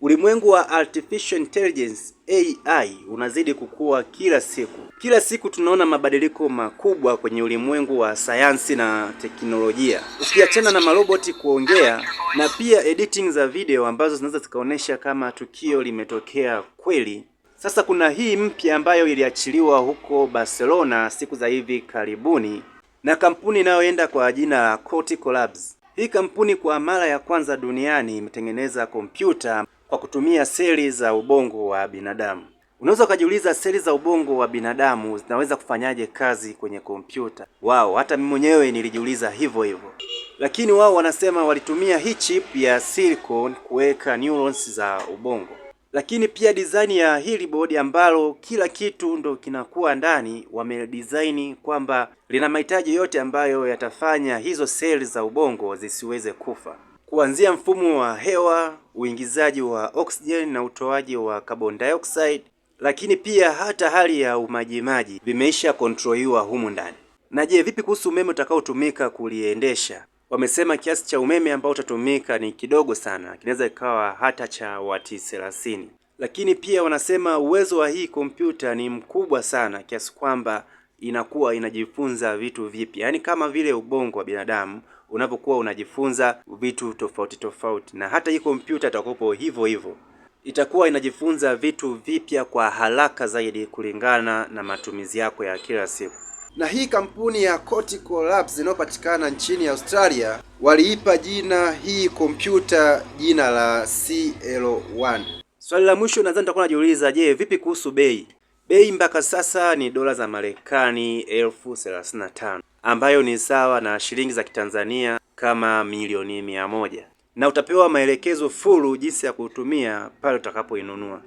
Ulimwengu wa artificial intelligence AI unazidi kukua kila siku. Kila siku tunaona mabadiliko makubwa kwenye ulimwengu wa sayansi na teknolojia, ukiachana na maroboti kuongea na pia editing za video ambazo zinaweza zikaonyesha kama tukio limetokea kweli. Sasa kuna hii mpya ambayo iliachiliwa huko Barcelona siku za hivi karibuni na kampuni inayoenda kwa jina la Coti Collabs. Hii kampuni kwa mara ya kwanza duniani imetengeneza kompyuta kwa kutumia seli za ubongo wa binadamu. Unaweza ukajiuliza seli za ubongo wa binadamu zinaweza kufanyaje kazi kwenye kompyuta? Wao hata mimi mwenyewe nilijiuliza hivyo hivyo, lakini wao wanasema walitumia hii chip ya silicon kuweka neurons za ubongo, lakini pia design ya hili bodi ambalo kila kitu ndo kinakuwa ndani, wamedisaini kwamba lina mahitaji yote ambayo yatafanya hizo seli za ubongo zisiweze kufa kuanzia mfumo wa hewa, uingizaji wa oksijeni na utoaji wa carbon dioxide, lakini pia hata hali ya umajimaji vimeisha kontroliwa humu ndani. Na je, vipi kuhusu umeme utakaotumika kuliendesha? Wamesema kiasi cha umeme ambao utatumika ni kidogo sana, kinaweza ikawa hata cha wati thelathini. Lakini pia wanasema uwezo wa hii kompyuta ni mkubwa sana kiasi kwamba inakuwa inajifunza vitu vipya, yaani kama vile ubongo wa binadamu unavyokuwa unajifunza vitu tofauti tofauti, na hata hii kompyuta itakopo hivyo hivyo itakuwa inajifunza vitu vipya kwa haraka zaidi kulingana na matumizi yako ya kila siku. Na hii kampuni ya Cortical Labs inayopatikana nchini Australia waliipa jina hii kompyuta jina la CL1. Swali la mwisho nadhani nitakuwa najiuliza, je, vipi kuhusu bei? Bei mpaka sasa ni dola za Marekani elfu thelathini na tano ambayo ni sawa na shilingi za Kitanzania kama milioni mia moja na utapewa maelekezo fulu jinsi ya kutumia pale utakapoinunua.